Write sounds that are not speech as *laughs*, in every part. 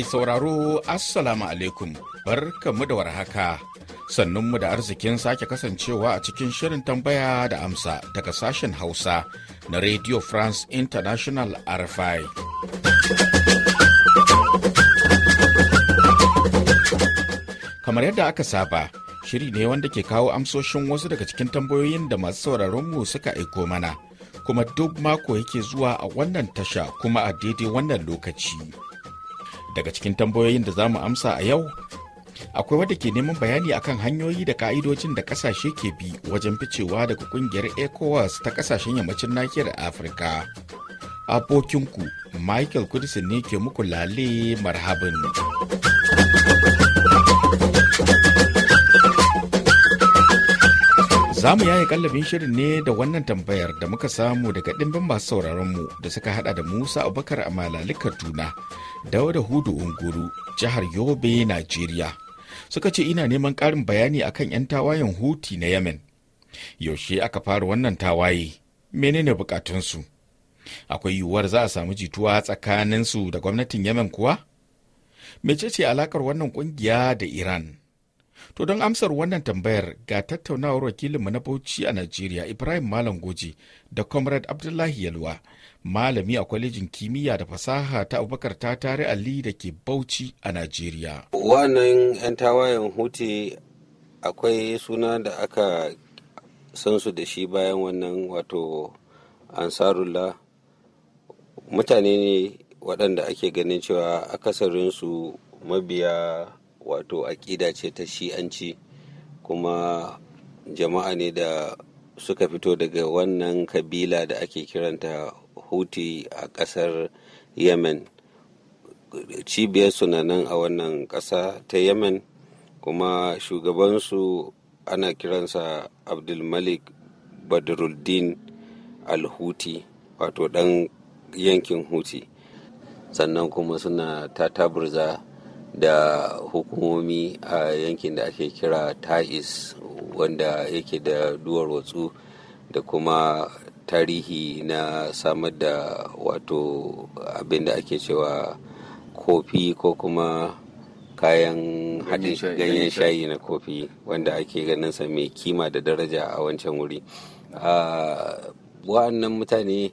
Mai sauraro Assalamu alaikum mu da warhaka sannunmu da arzikin sake kasancewa a cikin shirin tambaya da amsa daga sashen Hausa na Radio France International RFI. Kamar yadda aka saba, shiri ne wanda ke kawo amsoshin wasu daga cikin tambayoyin da masu sauraronmu suka aiko mana, kuma duk mako yake zuwa a wannan tasha kuma a daidai wannan lokaci. daga cikin tambayoyin da za mu amsa a yau akwai wadda ke neman bayani akan hanyoyi da ka'idojin da kasashe ke bi wajen ficewa daga kungiyar ecowas ta kasashen yammacin nahiyar afirka abokinku michael kudisin ne ke muku lale marhabin. Za mu yaye kallabin shirin ne da wannan tambayar da muka samu daga ɗimbin masu sauraron mu da suka hada da Musa Abubakar a Malali Kaduna, Dauda Hudu Unguru, jihar Yobe, Najeriya. Suka ce ina neman ƙarin bayani akan 'yan tawayen Huti na Yemen. Yaushe aka fara wannan tawaye, menene bukatunsu? Akwai yiwuwar za a samu jituwa tsakaninsu da gwamnatin Yemen kuwa? Mecece alakar wannan ƙungiya da Iran? To don amsar wannan tambayar ga tattaunawar wakilinmu na Bauchi a Najeriya Ibrahim Malam Goji da Comrade Abdullahi Yalwa, malami a kwalejin kimiyya da fasaha ta Abubakar ta tare Ali da ke Bauchi a Najeriya. Wannan 'yan tawayen huti akwai suna da aka san su da shi bayan wannan wato ansarullah mutane ne waɗanda ake ganin cewa akasarinsu mabiya wato aƙida ce ta shi'anci kuma jama'a ne da suka fito daga wannan kabila da ake kiranta huti a ƙasar yemen cibiyarsu na nan a wannan ƙasa ta yemen kuma shugabansu ana kiransa abdulmalik badruddin alhuti wato ɗan yankin huti sannan kuma suna tataburza da hukumomi a yankin da ake kira ta'is wanda yake da duwarwatsu da kuma tarihi na samar da wato abin da ake cewa kofi ko kuma kayan haɗin ganyen shayi na kofi wanda ake ganin sa mai kima da daraja a wancan wuri ah, wa'annan mutane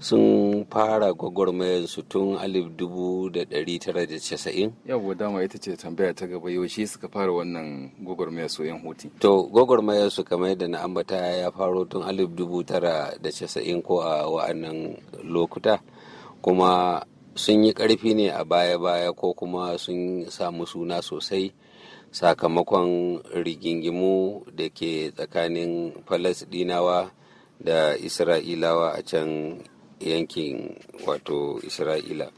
sun fara gwagwarmayar su tun 1990 yau dama ita ce tambaya ta gaba yaushe suka fara wannan gwagwarmayar su yan hutu to gwagwarmayar su kamar da na ambata ya faro tun alif dubu tara da 1990 ko a wa'annan lokuta kuma sun yi ƙarfi ne a baya-baya ko kuma sun samu suna sosai sakamakon rigingimu da ke tsakanin falasdinawa da isra'ilawa a can yankin wato isra'ila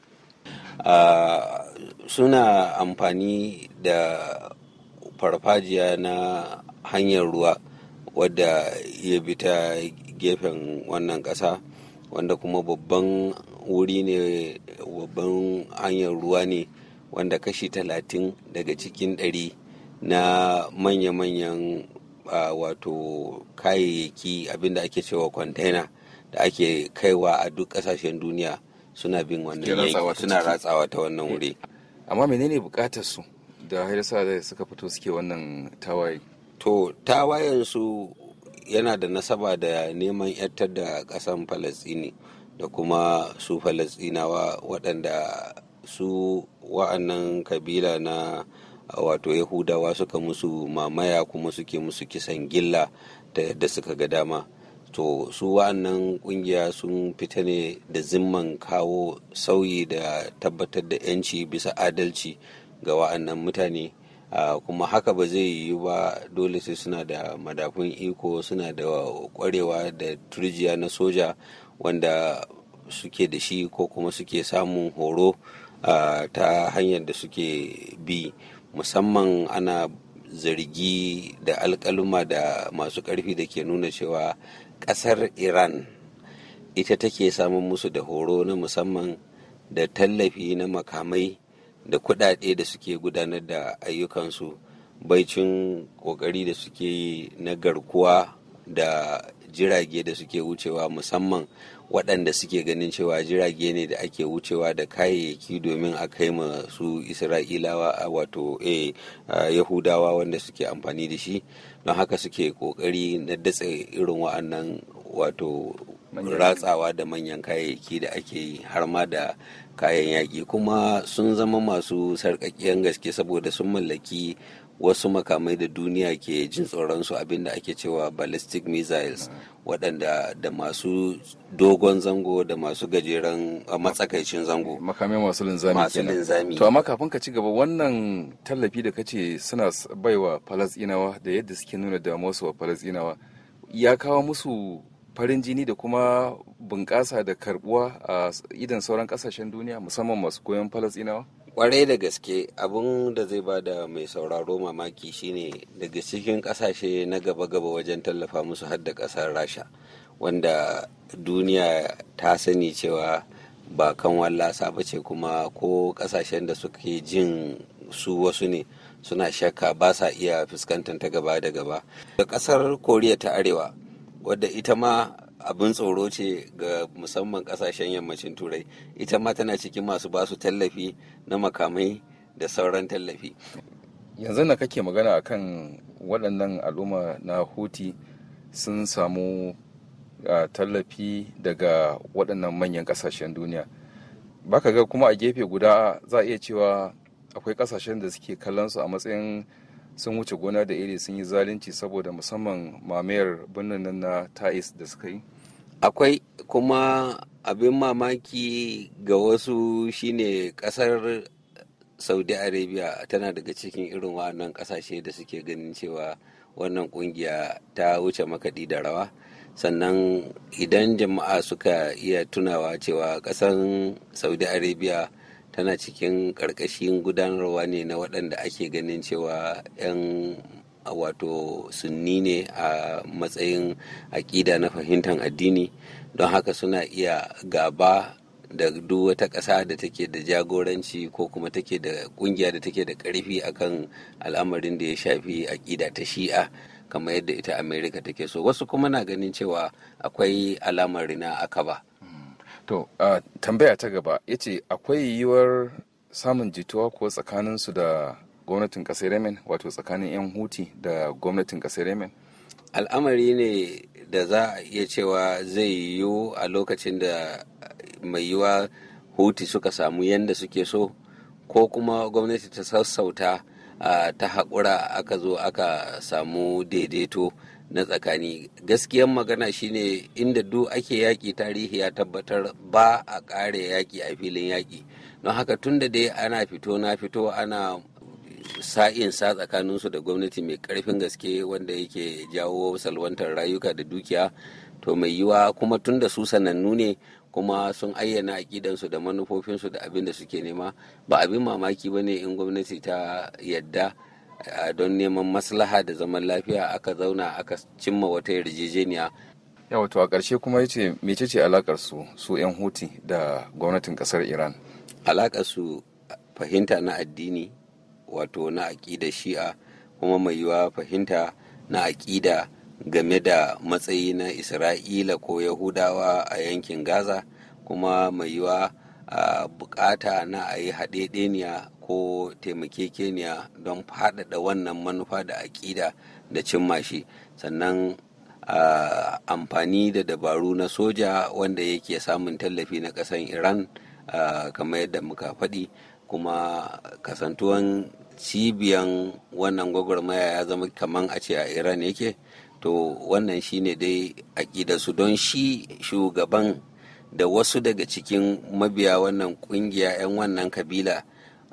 uh, suna amfani da farfajiya na hanyar ruwa wadda ya bi ta gefen wannan ƙasa wanda kuma babban wuri ne babban hanyar ruwa ne wanda kashi talatin daga cikin ɗari na manya-manyan uh, wato kayayyaki abinda ake cewa kwantaina da ake kaiwa a duk kasashen duniya suna bin wannan yanki suna ratsawa ta wannan wuri eh, amma menene bukatar su da hairsa da suka fito suke wannan tawaye to tawayen su yana da nasaba da neman yattar da kasan falastini da kuma su falastinawa waɗanda su wa'annan kabila na wato yahudawa suka musu mamaya kuma suke musu kisan gilla ta yadda suka ga dama to su wa'annan kungiya sun fita ne da zimman kawo sauyi da tabbatar da 'yanci bisa adalci ga wa'annan mutane kuma haka ba zai yi ba dole sai suna da madafun iko suna da kwarewa da turjiya na soja wanda suke da shi ko kuma suke samun horo ta hanyar da suke bi musamman ana zargi da alkaluma da masu karfi da ke nuna cewa kasar iran ita take samun musu da horo na musamman da tallafi na makamai da kudade da suke gudanar da ayyukansu baicin kokari da suke yi na garkuwa da jirage da suke wucewa musamman waɗanda suke ganin cewa jirage ne da ake wucewa da kayayyaki domin a kai su isra'ilawa wato eh, yahudawa wanda suke amfani da shi don haka suke ƙoƙari na datse irin wa'annan wato ratsawa da manyan kayayyaki da ake yi har ma da kayan yaƙi kuma sun zama masu sarƙaƙƙiyar gaske saboda sun mallaki wasu makamai da duniya ke jin mm. tsoronsu abinda ake cewa ballistic missiles mm. waɗanda da masu dogon zango da masu gajeren matsakaicin zango makamai masu linzami to amma kafin ka ci gaba wannan tallafi da kace suna baiwa falasɗinawa da yadda suke nuna damuwa wa falasɗinawa ya kawo musu farin jini da kuma bunƙasa da karbuwa a idan sauran ƙasashen duniya musamman masu goyon falasɗinawa kwarai da gaske abun da zai ba da mai sauraro mamaki shine daga cikin kasashe na gaba-gaba wajen tallafa musu har da kasar rasha wanda duniya ta sani cewa ba kan wallasa ba ce kuma ko kasashen da suke jin su wasu ne suna shakka ba sa iya fuskantar ta gaba da gaba da kasar koriya ta arewa wadda ita ma abin tsoro ce ga musamman kasashen yammacin turai ita ma tana cikin masu basu tallafi na makamai da sauran tallafi yanzu na kake magana a kan waɗannan al'umma na huti sun samu tallafi daga waɗannan manyan ƙasashen duniya baka ga kuma a gefe guda za a iya cewa akwai ƙasashen da suke kallon su a matsayin sun wuce gona da iri sun yi zalunci saboda musamman mamayar birnin nan na ta'is da suka yi akwai kuma abin mamaki ga wasu shine kasar saudi arabia tana daga cikin irin wannan kasashe da suke ganin cewa wannan kungiya ta wuce makaɗi da rawa sannan idan jama'a suka iya tunawa cewa ƙasar saudi arabia tana cikin ƙarƙashin gudanarwa ne na waɗanda ake ganin cewa 'yan wato sunni ne a matsayin aƙida na fahimtar addini don haka suna iya gaba da duk wata ƙasa da take da jagoranci ko kuma take da ƙungiya da take da ƙarfi akan al'amarin da ya shafi aƙida ta shi'a kamar yadda ita amerika take so wasu kuma na ganin cewa akwai alamar rina aka ba To, uh, tambaya ta gaba ya ce akwai yiwuwar samun jituwa ko tsakaninsu da gwamnatin ƙasar Yemen wato tsakanin 'yan huti da gwamnatin ƙasar Yemen? Al'amari ne da za a iya cewa zai yiwu a lokacin da mai yiwa huti suka samu yadda suke so ko kuma gwamnati ta sassauta ta haƙura aka zo aka samu daidaito. na tsakani gaskiyan magana shine inda duk ake yaƙi tarihi ya tabbatar ba a ƙare yaƙi a filin yaƙi don haka tun da dai ana fito na fito ana sa'in sa tsakaninsu da gwamnati mai ƙarfin gaske wanda yake jawo salwantar rayuka da dukiya to mai yiwa kuma tun da su sanannu ne kuma sun ayyana aƙidansu da manufofinsu da abin da suke nema ba abin mamaki ba ne in gwamnati ta yadda don neman maslaha da zaman lafiya aka zauna aka cimma wata yarjejeniya ya to a ƙarshe kuma ya ce mecece alaƙar su su 'yan huti da gwamnatin ƙasar iran alaƙar su fahimta na addini wato na aƙida shi'a kuma mai yiwa fahimta na aƙida game da matsayi na isra'ila ko yahudawa a yankin gaza kuma mai yiwa bukata na a yi haɗeɗeniya ko keniya don faɗaɗa wannan manufa da aƙida da cimma shi sannan amfani da dabaru na soja wanda yake samun tallafi na ƙasan iran kamar yadda muka faɗi kuma kasantuwan cibiyan wannan gwagwarmaya ya zama kaman a ce a iran yake to wannan shine dai su don shi shugaban da wasu daga cikin mabiya wannan ƙungiya 'yan wannan kabila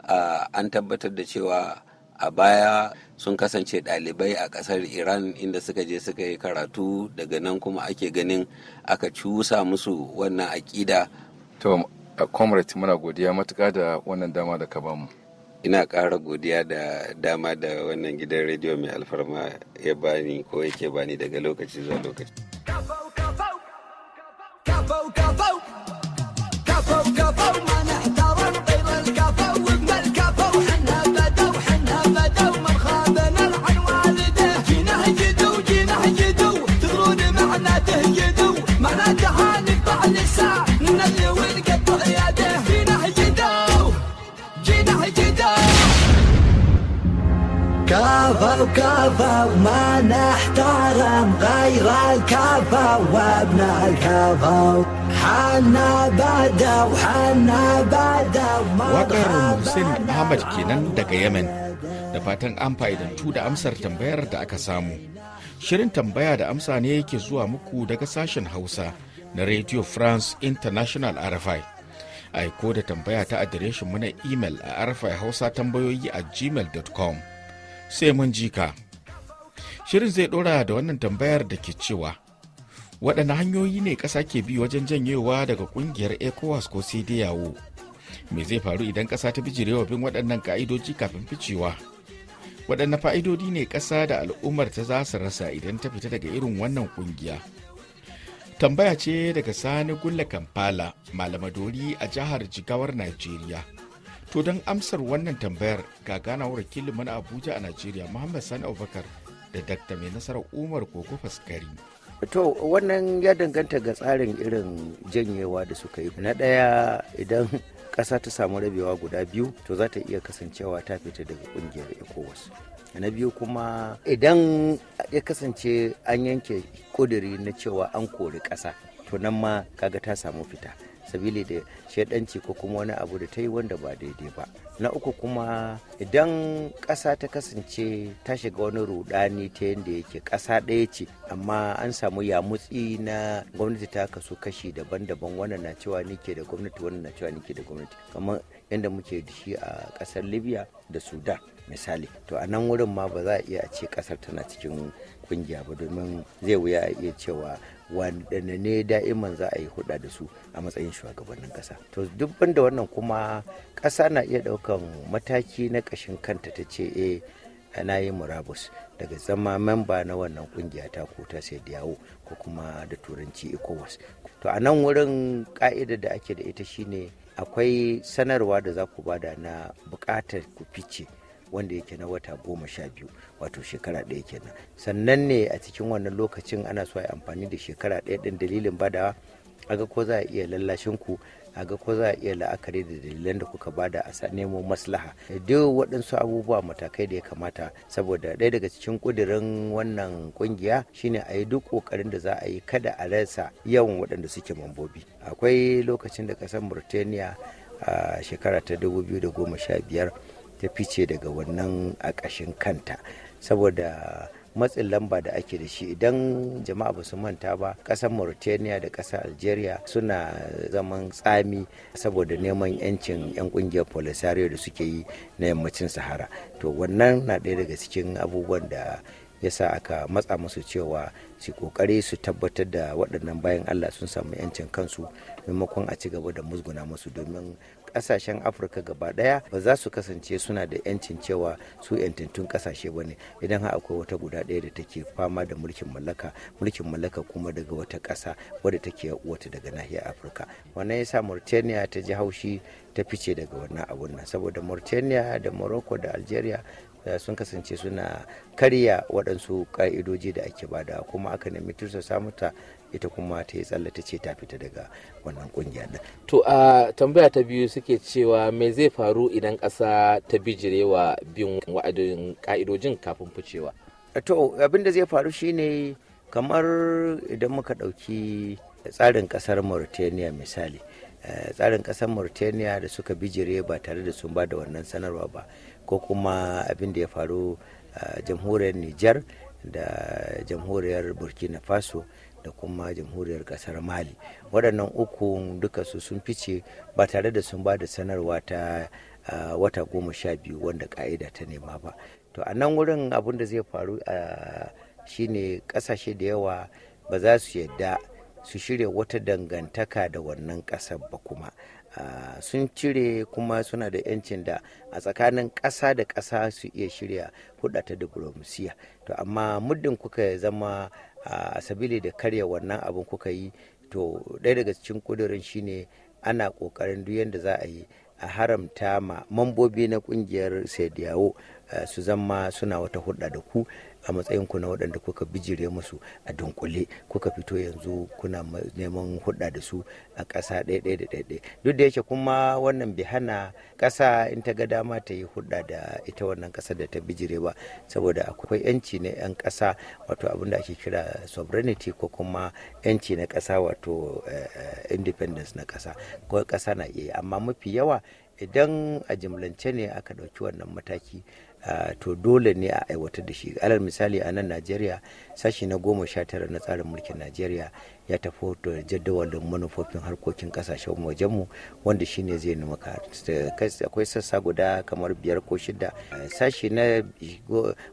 an tabbatar da cewa a baya sun kasance ɗalibai a ƙasar iran inda suka je suka yi karatu daga nan kuma ake ganin aka cusa musu wannan aƙida to comrade muna godiya matuka da wannan dama da ka bamu ina ƙara godiya da dama da wannan gidan rediyo mai alfarma ya bani ko yake bani daga lokaci zuwa lokaci الكفا وما نحترم غير الكفا وابن الكفا حنا بدا وحنا بدا وقر محمد كينان daga Yamen, da fatan an fa'idantu da amsar tambayar da aka samu shirin tambaya da amsa ne yake zuwa muku daga sashen Hausa na Radio France International RFI aiko da tambaya ta adireshin mu na imel a rfi hausa tambayoyi a gmail.com sai mun ji ka. shirin zai ɗora da wannan tambayar da ke cewa waɗanne hanyoyi ne ƙasa ke bi wajen janyewa daga ƙungiyar ecowas ko sai dai yawo me zai faru idan ƙasa ta bijirewa bin waɗannan ka'idoji kafin ficewa waɗanne fa'idodi ne ƙasa da al'ummar ta za su rasa idan ta fita daga irin wannan ƙungiya tambaya ce daga sani gulla kampala malamadori a jihar jigawar najeriya To don amsar wannan tambayar ga ganawar wakilin mana Abuja a Najeriya Muhammad Sani Abubakar da Dr. Mai Nasarar Umar Koko Faskari. To wannan ya danganta ga tsarin irin janyewa da suka yi. Na ɗaya idan *laughs* ƙasa ta samu rabewa guda biyu to za ta iya kasancewa ta fita daga ƙungiyar ECOWAS. na biyu kuma idan ya kasance an yanke ƙuduri na cewa an kori ƙasa to nan ma kaga ta samu fita sabili da shaidanci ko kuma wani abu da ta yi wanda ba daidai ba na uku kuma idan ƙasa ta kasance ta shiga wani rudani ta yadda yake ƙasa ɗaya ce amma an samu yamutsi na gwamnati ta kasu kashi daban-daban wannan na cewa ni da gwamnati wannan na cewa ni da gwamnati kamar yadda muke da shi a ƙasar libya da sudan misali to a nan wurin ma ba za a iya ce ƙasar tana cikin kungiya ba domin zai wuya a iya cewa wadanne ne da'iman za a yi hudu da su a matsayin shugabannin kasa. to duk banda wannan kuma ƙasa na iya ɗaukan mataki na ƙashin kanta ta ce e na yi murabus daga zama memba na wannan kungiya ta ko ta sai yawo ko kuma da turanci ecowas to a nan wurin ka'ida da ake da ita shine akwai sanarwa da za ku bada na bukatar ku fice wanda yake na wata goma sha biyu wato shekara ɗaya kenan sannan ne a cikin wannan lokacin ana so a yi amfani da shekara ɗaya ɗin dalilin badawa aga ko za a iya lallashin ku aga ko za a iya la'akari da dalilan da kuka bada a nemo maslaha duk waɗansu abubuwa matakai da ya kamata saboda ɗaya daga cikin ƙudirin wannan ƙungiya shine a yi duk ƙoƙarin da za a yi kada a rasa yawan waɗanda suke mambobi akwai lokacin da ƙasar murtaniya a shekara ta dubu biyu da goma sha biyar. ta fice daga wannan a ƙashin kanta saboda matsin lamba da ake da shi idan jama'a ba su manta ba ƙasar mauritania da ƙasar algeria suna zaman tsami saboda neman yancin 'yan ƙungiyar polisario da suke yi na yammacin sahara to wannan na ɗaya daga cikin abubuwan da ya sa aka matsa musu cewa su kokari su tabbatar da waɗannan bayan allah sun samu yancin kansu maimakon a ci gaba da musguna musu domin kasashen afirka gaba daya ba za su kasance suna da yancin cewa su yantattun kasashe ba ne idan har akwai wata guda daya da take fama da mulkin mallaka mulkin mallaka kuma daga wata kasa wadda take wata daga nahiyar afirka wannan yasa mauritania ta ji haushi ta fice daga wannan abun nan saboda mauritania da morocco da algeria eh, sun kasance suna karya waɗansu ƙa'idoji da ake bada kuma aka nemi tursa samuta ita kuma ta yi tsalla ta ce ta fita daga wannan kungiya din to a tambaya ta biyu suke cewa me zai faru idan ƙasa ta bijirewa bin wa'adin ka'idojin kafin ficewa to abin da zai faru shine kamar idan muka ɗauki tsarin ƙasar mauritania misali eh, tsarin ƙasar mauritania da suka bijire ba tare da sun ba da wannan sanarwa ba ko kuma abin da ya faru a eh, jamhuriyar nijar da jamhuriyar burkina faso da kuma jamhuriyar kasar mali waɗannan uku duka su sun fice ba tare da sun ba da sanarwa ta wata goma sha biyu wanda ka'ida ta nema ba to a nan wurin abin da zai faru a shine kasashe da yawa ba za su yadda su shirya wata dangantaka da wannan ƙasar ba kuma sun cire kuma suna da yancin da a tsakanin ƙasa da ƙasa su iya shirya hudata diplomasiya to amma muddin kuka zama a sabili da karya wannan abin kuka yi to ɗaya daga cikin kudurin shine ana ƙoƙarin duk yadda za a yi a haramta ma mambobi na ƙungiyar sediyawo Eh, su zama suna wata hulɗa da ku a matsayin ku na waɗanda kuka bijire musu a dunkule kuka fito yanzu kuna neman hulɗa da su a ƙasa ɗaya ɗaya da ɗaya duk da yake kuma wannan bi hana ƙasa in ta ga dama ta yi hulɗa da ita wannan ƙasa da ta bijire ba saboda akwai yanci na 'yan ƙasa wato abin da ake kira sovereignty ko kuma yanci na ƙasa wato eh, independence na ƙasa ko ƙasa na iya amma mafi yawa idan a jimlance ne aka ɗauki wannan mataki to dole ne a aiwatar da shi alal misali a nan najeriya sashi na goma sha tara na tsarin mulkin najeriya ya tafi da jadawalin manufofin harkokin kasashen wajenmu wanda shine zai maka akwai sassa guda kamar biyar ko shida sashi na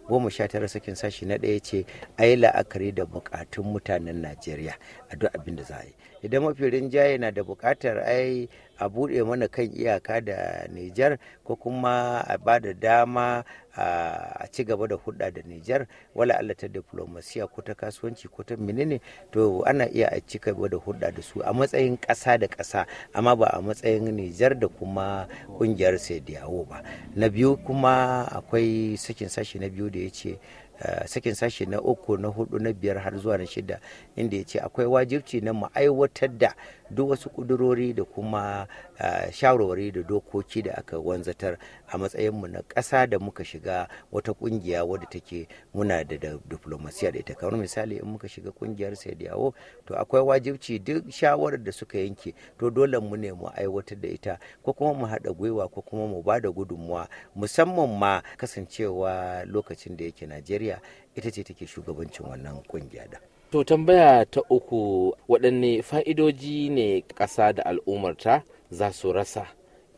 goma sha tara sakin sashi na ɗaya ce a yi la'akari da bukatun mutanen najeriya a duk abin da za a yi idan mafi rinjaye na da bukatar ai a buɗe mana kan iyaka da nijar ko kuma a ba da dama a ci gaba da hudda da Nijar wala Allah ta diplomasiya ko ta kasuwanci ko ta menene to ana iya a ci gaba da hudda da su a matsayin ƙasa da kasa amma ba a matsayin Nijar da kuma kungiyar Sediyawo ba na biyu kuma akwai sakin sashi na biyu da ya ce Eh, sakin sashi na uku na hudu na biyar har zuwa na shida inda ya ce akwai wajibci na mu aiwatar da duk wasu kudurori da kuma eh, shawarwari da dokoki da aka wanzatar a matsayinmu na ƙasa da muka shiga wata kungiya wadda take muna da diplomasiya da ita kamar misali in muka shiga kungiyar sai yawo to akwai wajibci duk shawarar da suka yanke to dole mu ne mu aiwatar da ita ko kuma mu haɗa gwiwa ko kuma mu ba da gudunmuwa musamman ma kasancewa lokacin da yake najeriya najeriya ita ce take shugabancin wannan kungiya da to tambaya ta uku waɗanne fa'idoji ne ƙasa da al'ummarta za su rasa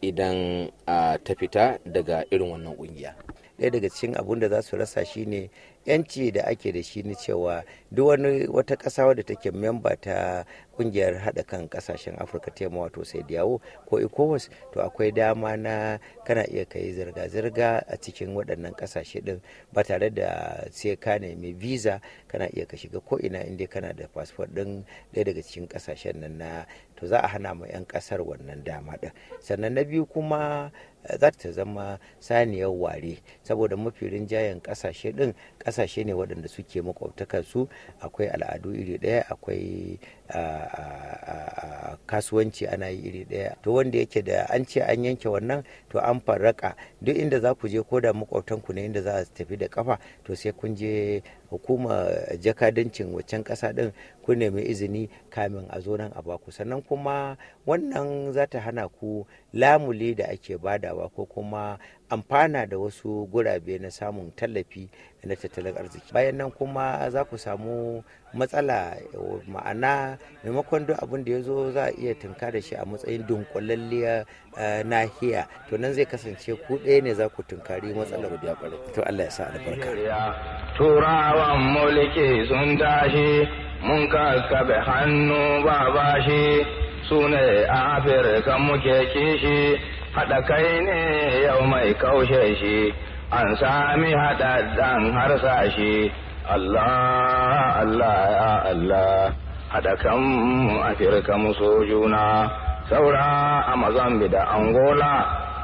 idan ah, ta fita daga irin wannan ƙungiya. ɗaya daga cikin abun da za su rasa shine yanci da ake da shi ni cewa duk wani wata ƙasa wadda take memba ta kungiyar haɗa kan ƙasashen afirka ta yamma wato sai yawo ko ecowas to akwai dama na kana iya kai zirga-zirga a cikin waɗannan ƙasashe ɗin ba tare da sai ka nemi visa kana iya ka shiga ko ina inda kana da fasfot ɗin ɗaya daga cikin ƙasashen nan na to za a hana ma 'yan ƙasar wannan dama ɗin sannan na biyu kuma za ta zama saniyar ware saboda mafi rinjayen kasashe din kasashe ne waɗanda suke makwabtaka su akwai al'adu iri ɗaya akwai kasuwanci ana yi iri ɗaya to wanda yake da an ce an yanke wannan to an farraka duk inda za ku je ko da makwabtanku ne inda za a tafi da kafa to sai kun je hukuma jakadancin waccan ƙasa ɗin ku nemi izini kamin a zo nan a baku sannan kuma wannan za ta hana ku lamuli da ake badawa ko kuma amfana da wasu gurabe na samun tallafi na tattalin arziki bayan nan kuma za ku samu matsala ma'ana maimakon duk abin da ya zo za a iya tunka da shi a matsayin dunkulalliya eh, nahiya to nan zai kasance ku ɗaya ne za ku tunkari matsalar da ya to allah ya sa albarka turawan mulki sun tashi mun kaskabe hannu ba bashi su ne a afirka muke kishi haɗa kai ne yau mai kaushe shi an sami harsa harsashi Allah Allah ya Allah haɗa afir afirka muso juna saura a mazambi da angola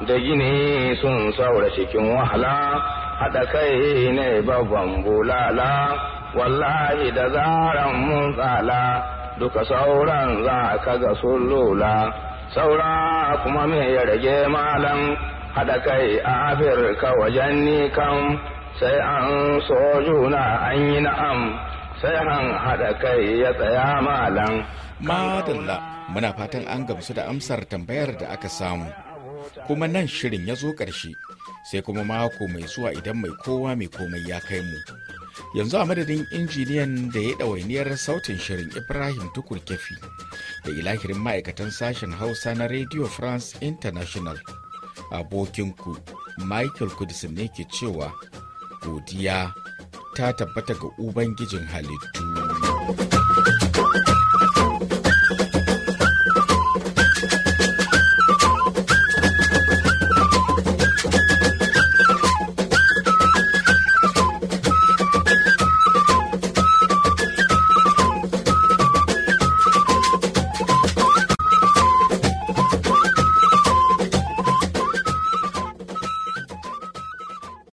da gini sun saura cikin wahala haɗa kai ne babban bulala wallahi da zaran mun tsala duka sauran za ka ga sun lula saura kuma me ya rage malam haɗa kai a afirka wajen nikan sai an so juna an yi na'am sai an haɗa kai ya tsaya malam madalla muna fatan an gamsu da amsar tambayar da aka samu kuma nan shirin ya zo ƙarshe sai kuma mako mai zuwa idan mai kowa mai komai ya kai mu yanzu a madadin injiniyan da ya ɗawainiyar sautin shirin ibrahim tukur kefi da ilahirin ma'aikatan sashen hausa na radio france international abokinku michael kudisin ne ke cewa godiya ta tabbata ga ubangijin halittu